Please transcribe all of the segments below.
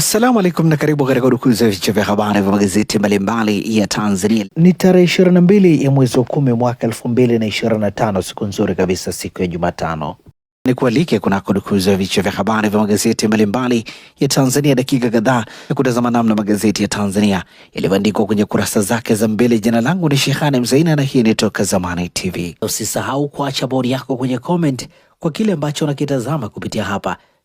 Assalamu alaikum na karibu katika udukuzi ya vichwa vya habari vya magazeti mbalimbali ya Tanzania. Ni tarehe ishirini na mbili ya mwezi wa kumi mwaka elfu mbili na ishirini na tano siku nzuri kabisa, siku ya Jumatano. Ni kualike kunako dukuzi ya vichwa vya habari vya magazeti mbalimbali ya Tanzania, dakika kadhaa ya kutazama namna magazeti ya Tanzania yalivyoandikwa kwenye kurasa zake za mbele. Jina langu ni Shehane Mzaina na hii ni Toka Zamani TV. Usisahau kuacha bodi yako kwenye comment kwa kile ambacho unakitazama kupitia hapa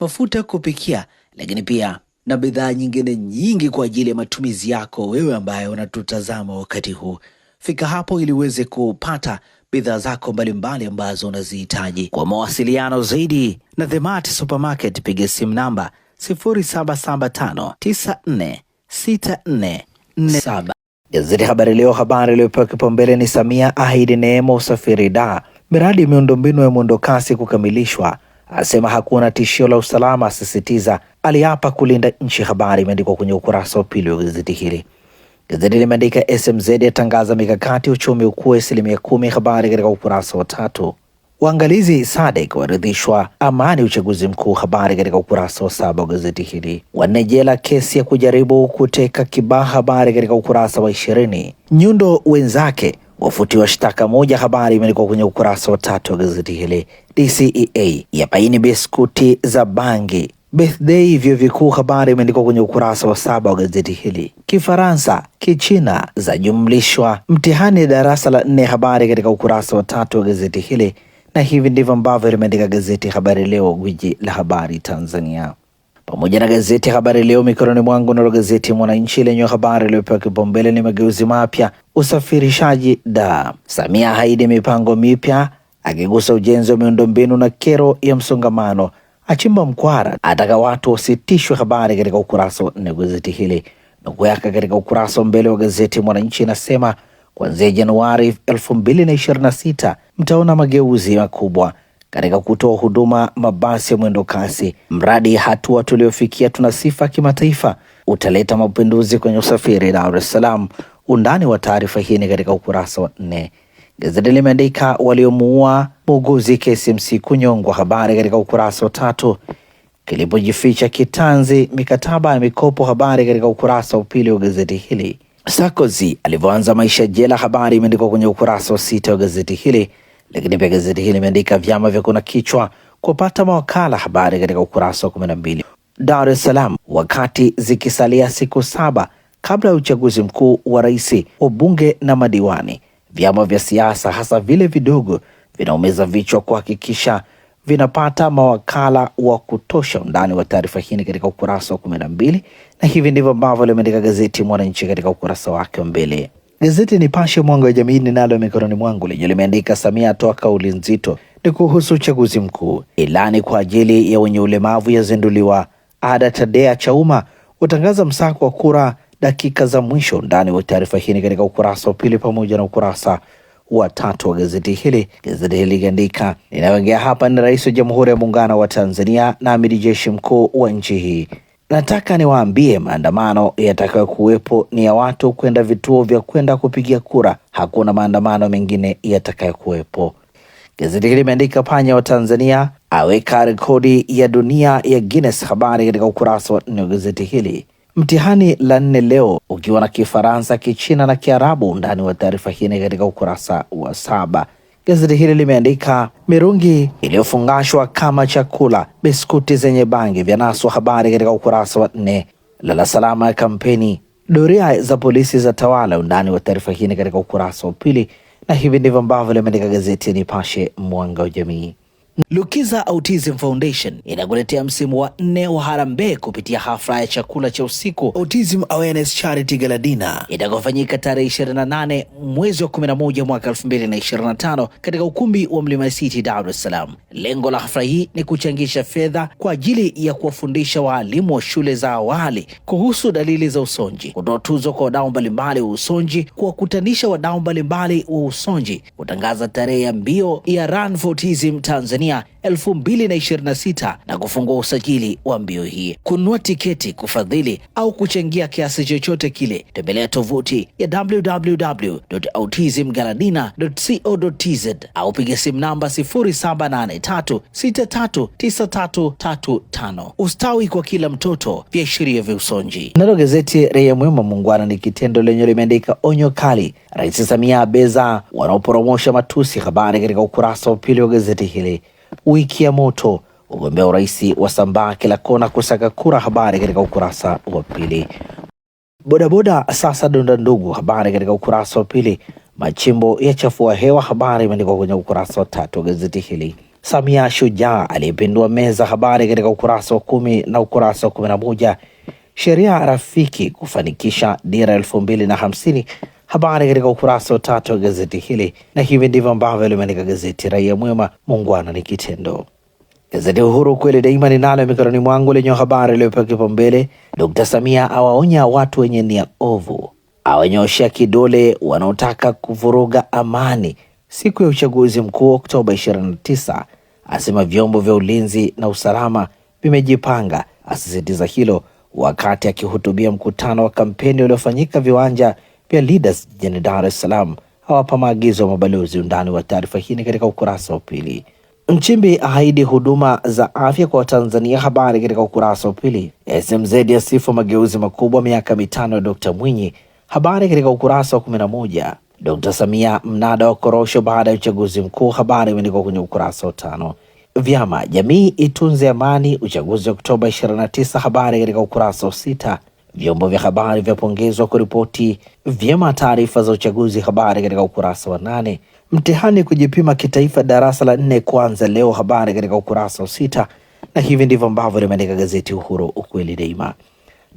mafuta ya kupikia, lakini pia na bidhaa nyingine nyingi kwa ajili ya matumizi yako wewe ambaye unatutazama wakati huu. Fika hapo ili uweze kupata bidhaa zako mbalimbali ambazo unazihitaji. Kwa mawasiliano zaidi na The Mart Supermarket, piga simu namba 0775946447. Gazeti Habari Leo, habari iliyopewa kipaumbele ni Samia ahidi neema usafiri da miradi ya miundombinu ya mwendokasi kukamilishwa asema hakuna tishio la usalama, asisitiza aliapa kulinda nchi. Habari imeandikwa kwenye ukurasa wa pili wa gazeti hili. Gazeti limeandika SMZ yatangaza mikakati uchumi ukue asilimia kumi. Habari katika ukurasa wa tatu. Waangalizi Sadek waridhishwa amani uchaguzi mkuu. Habari katika ukurasa wa saba wa gazeti hili. wanejela kesi ya kujaribu kuteka Kibaha. Habari katika ukurasa wa ishirini. Nyundo wenzake wafutiwa shtaka moja. Habari imeandikwa kwenye ukurasa wa tatu wa gazeti hili. DCEA yabaini biskuti za bangi birthday vyo vikuu. Habari imeandikwa kwenye ukurasa wa saba wa gazeti hili. Kifaransa Kichina zajumlishwa mtihani darasa la nne, habari katika ukurasa wa tatu wa gazeti hili, na hivi ndivyo ambavyo limeandika gazeti Habari Leo, gwiji la habari Tanzania pamoja na gazeti ya Habari Leo mikononi mwangu. Nalo gazeti Mwananchi lenye habari iliyopewa kipaumbele ni mageuzi mapya usafirishaji da Samia haidi mipango mipya akigusa ujenzi wa miundombinu na kero ya msongamano, achimba mkwara, ataka watu wasitishwe. Habari katika ukurasa wa nne gazeti hili na kuweka katika ukurasa wa mbele wa gazeti Mwananchi inasema kuanzia Januari 2026 mtaona mageuzi makubwa katika kutoa huduma mabasi ya mwendo kasi. Mradi hatua tuliofikia tuna sifa kimataifa, utaleta mapinduzi kwenye usafiri Dar es Salaam. Undani wa taarifa hii ni katika ukurasa wa nne. Gazeti limeandika waliomuua muuguzi KCMC kunyongwa, habari katika ukurasa wa tatu. Kilipojificha kitanzi mikataba ya mikopo, habari katika ukurasa wa pili wa gazeti hili. Sarkozy alivyoanza maisha jela, habari imeandikwa kwenye ukurasa wa sita wa gazeti hili lakini pia gazeti hili limeandika vyama vya kuna kichwa kupata mawakala, habari katika ukurasa wa kumi na mbili. Dar es Salaam, wakati zikisalia siku saba kabla ya uchaguzi mkuu wa rais, wabunge na madiwani, vyama vya siasa hasa vile vidogo vinaumeza vichwa kuhakikisha vinapata mawakala wa kutosha. Undani wa taarifa hii katika ukurasa wa kumi na mbili, na hivi ndivyo ambavyo limeandika gazeti Mwananchi katika ukurasa wake wa mbele. Gazeti Nipashe mwanga wa jamii ninalo mikononi mwangu lenye limeandika Samia atoa kauli nzito, ni kuhusu uchaguzi mkuu. Ilani kwa ajili ya wenye ulemavu yazinduliwa. Ada Tadea umma utangaza msako wa kura dakika za mwisho. Ndani wa taarifa hii ni katika ukurasa wa pili pamoja na ukurasa wa tatu wa gazeti hili. Gazeti hili likiandika ninayoongea hapa ni Rais wa Jamhuri ya Muungano wa Tanzania na Amiri Jeshi Mkuu wa nchi hii Nataka niwaambie maandamano yatakayokuwepo ni ya watu kwenda vituo vya kwenda kupigia kura. Hakuna maandamano mengine yatakayokuwepo. Gazeti hili limeandika panya wa Tanzania aweka rekodi ya dunia ya Guinness. Habari katika ukurasa wa nne wa gazeti hili. Mtihani la nne leo ukiwa na Kifaransa, Kichina na Kiarabu. Undani wa taarifa hii katika ukurasa wa saba. Gazeti hili limeandika mirungi iliyofungashwa kama chakula, biskuti zenye bangi vyanaswa, habari katika ukurasa wa nne. Lala salama ya kampeni, doria za polisi za tawala, undani wa taarifa hii katika ukurasa wa pili, na hivi ndivyo ambavyo limeandika gazeti ya Nipashe, mwanga wa jamii. Lukiza Autism Foundation inakuletea msimu wa nne wa harambee kupitia hafla ya chakula cha usiku Autism Awareness Charity galadina itakofanyika tarehe 28 mwezi wa 11 mwaka 2025 katika ukumbi wa Mlima City, Dar es Salaam. Lengo la hafla hii ni kuchangisha fedha kwa ajili ya kuwafundisha waalimu wa shule za awali kuhusu dalili za usonji, kutoa tuzo kwa wadau mbalimbali wa usonji, kuwakutanisha wadau mbalimbali wa usonji, kutangaza tarehe ya mbio ya Run for Autism Tanzania Tanzania 2026 na kufungua usajili wa mbio hii. Kununua tiketi, kufadhili au kuchangia kiasi chochote kile, tembelea tovuti ya www.autismgaladina.co.tz au piga simu namba 0783639335. Ustawi kwa kila mtoto, viashiria vya usonji. Nalo gazeti Raia Mwema Muungwana ni kitendo lenye limeandika onyo kali, Rais Samia abeza wanaoporomosha matusi, habari katika ukurasa wa pili wa gazeti hili wiki ya moto. ugombea urais wa sambaa kila kona kusaka kura. Habari katika ukurasa wa pili. Bodaboda sasa donda ndugu. Habari katika ukurasa wa pili. Machimbo ya chafua hewa. Habari imeandikwa kwenye ukurasa wa tatu wa gazeti hili. Samia shujaa aliyepindua meza. Habari katika ukurasa wa kumi na ukurasa wa kumi na moja. Sheria rafiki kufanikisha dira elfu mbili na hamsini habari katika ukurasa wa tatu wa gazeti hili, na hivi ndivyo ambavyo limeandika gazeti Raia Mwema, muungwana ni kitendo. Gazeti Uhuru kweli daima ninalo mikononi mwangu lenye habari iliyopewa kipaumbele, Dkt Samia awaonya watu wenye nia ovu, awanyoshea kidole wanaotaka kuvuruga amani siku ya uchaguzi mkuu Oktoba 29, asema vyombo vya ulinzi na usalama vimejipanga, asisitiza hilo wakati akihutubia mkutano wa kampeni uliofanyika viwanja pia Leaders jijini Dar es Salaam hawapa maagizo ya mabalozi. Undani wa taarifa hii ni katika ukurasa wa pili. Mchimbi ahidi huduma za afya kwa Tanzania, habari katika ukurasa wa pili. SMZ yasifu mageuzi makubwa miaka mitano ya Dr Mwinyi, habari katika ukurasa wa kumi na moja. Dkt Samia mnada wa korosho baada ya uchaguzi mkuu, habari imeandikwa kwenye ukurasa wa tano. Vyama jamii itunze amani, uchaguzi wa Oktoba 29, habari katika ukurasa wa sita. Vyombo vya habari vyapongezwa kuripoti vyema taarifa za uchaguzi. Habari katika ukurasa wa nane. Mtihani kujipima kitaifa darasa la nne kwanza leo, habari katika ukurasa wa sita, na hivi ndivyo ambavyo limeandika gazeti Uhuru ukweli daima.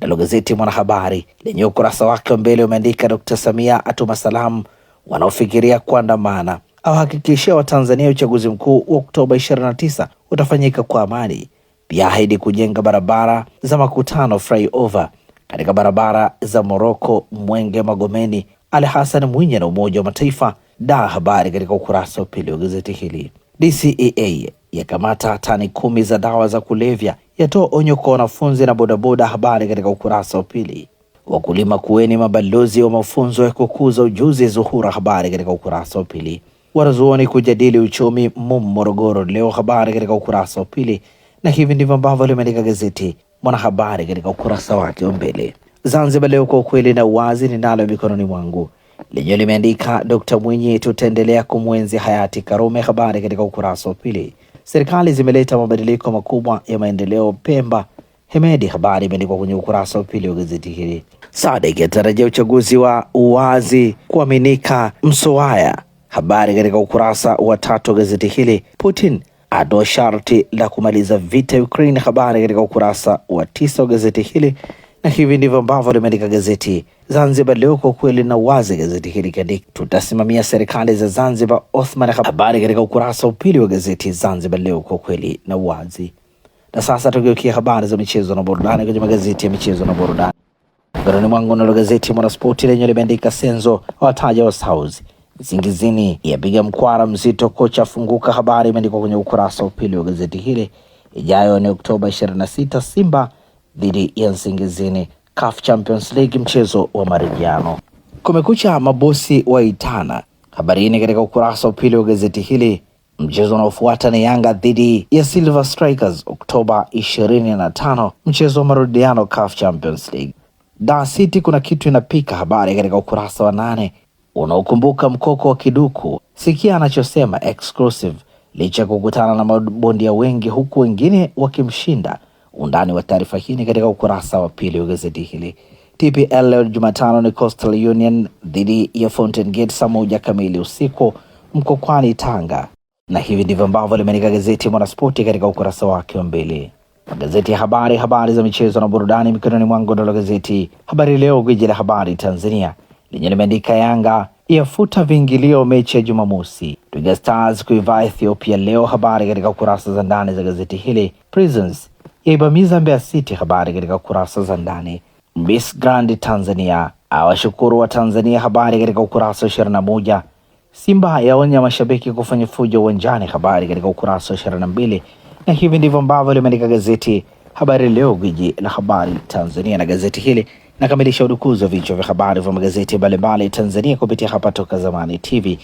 Nalo gazeti Mwanahabari lenye ukurasa wake wa mbele umeandika Dkt. Samia atuma salamu wanaofikiria kuandamana, awahakikishia Watanzania uchaguzi mkuu wa Oktoba 29 utafanyika kwa amani, pia ahidi kujenga barabara za makutano flyover katika barabara za Moroko, Mwenge, Magomeni. Ali Hassan Mwinyi na Umoja wa Mataifa da habari katika ukurasa wa pili wa gazeti hili. DCEA yakamata tani kumi za dawa za kulevya, yatoa onyo kwa wanafunzi na bodaboda, habari katika ukurasa wa pili. Wakulima kuweni mabalozi wa mafunzo ya kukuza ujuzi, Zuhura, habari katika ukurasa wa pili. Wanazuoni kujadili uchumi MUM Morogoro leo, habari katika ukurasa wa pili. Na hivi ndivyo ambavyo limeandika gazeti Mwanahabari katika ukurasa wake wa mbele. Zanzibar Leo, kwa ukweli na uwazi ninalo mikononi mwangu, lenyewe limeandika Dkt Mwinyi, tutaendelea kumwenzi hayati Karume. Habari katika ukurasa wa pili. Serikali zimeleta mabadiliko makubwa ya maendeleo Pemba Hemedi. Habari imeandikwa kwenye ukurasa wa pili wa gazeti hili. Sadek atarajia uchaguzi wa uwazi kuaminika Msoaya. Habari katika ukurasa wa tatu wa gazeti hili. Putin atoa sharti la kumaliza vita Ukraine. Habari katika ukurasa wa tisa wa gazeti hili, na hivi ndivyo ambavyo limeandika gazeti Zanzibar Leo, kwa kweli na wazi. Gazeti hili kiandika tutasimamia serikali za Zanzibar Othman. Habari katika ukurasa wa pili wa gazeti Zanzibar Leo, kwa kweli na wazi. Na sasa tugeukia habari za michezo na burudani kwenye magazeti ya michezo na burudani. Mkononi mwangu nalo gazeti Mwanaspoti lenye limeandika Senzo wataja Westhouse Zingizini yapiga mkwara mzito, kocha funguka Habari imeandikwa kwenye ukurasa wa pili wa gazeti hili. Ijayo ni Oktoba 26 Simba dhidi ya Zingizini, CAF Champions League, mchezo wa marejeano. Kumekucha, mabosi itana, Habari hii ni katika ukurasa wa pili wa gazeti hili. Mchezo unaofuata ni Yanga dhidi ya Silver Strikers Oktoba 25, mchezo wa marudiano CAF Champions League. Da City kuna kitu inapika, habari katika ukurasa wa nane. Unaokumbuka mkoko wa kiduku? Sikia anachosema exclusive. Licha ya kukutana na mabondia wengi huku wengine wakimshinda. Undani wa taarifa hii ni katika ukurasa wa pili wa gazeti hili. TPL leo Jumatano ni Coastal Union dhidi ya Fountain Gate saa moja kamili usiku Mkokwani, Tanga, na hivi ndivyo ambavyo limeandika gazeti Mwanaspoti katika ukurasa wake wa mbili. Magazeti ya habari, habari za michezo na burudani mikononi mwangu, ndalo gazeti Habari Leo, gwiji la habari Tanzania lenye limeandika Yanga yafuta viingilio mechi ya Jumamosi, Twiga Stars kuivaa Ethiopia leo. Habari katika kurasa za ndani za gazeti hili. Prisons yaibamiza Mbeya City, habari katika kurasa za ndani. Miss Grand Tanzania awashukuru wa Tanzania, habari katika ukurasa wa ishirini na moja. Simba yaonya mashabiki kufanya fujo uwanjani, habari katika ukurasa wa ishirini na mbili. Na hivi ndivyo ambavyo limeandika gazeti Habari Leo, gwiji la habari Tanzania, na gazeti hili Nakamilisha udukuzi wa vichwa vya habari vya magazeti mbalimbali Tanzania kupitia hapa Toka Zamani TV.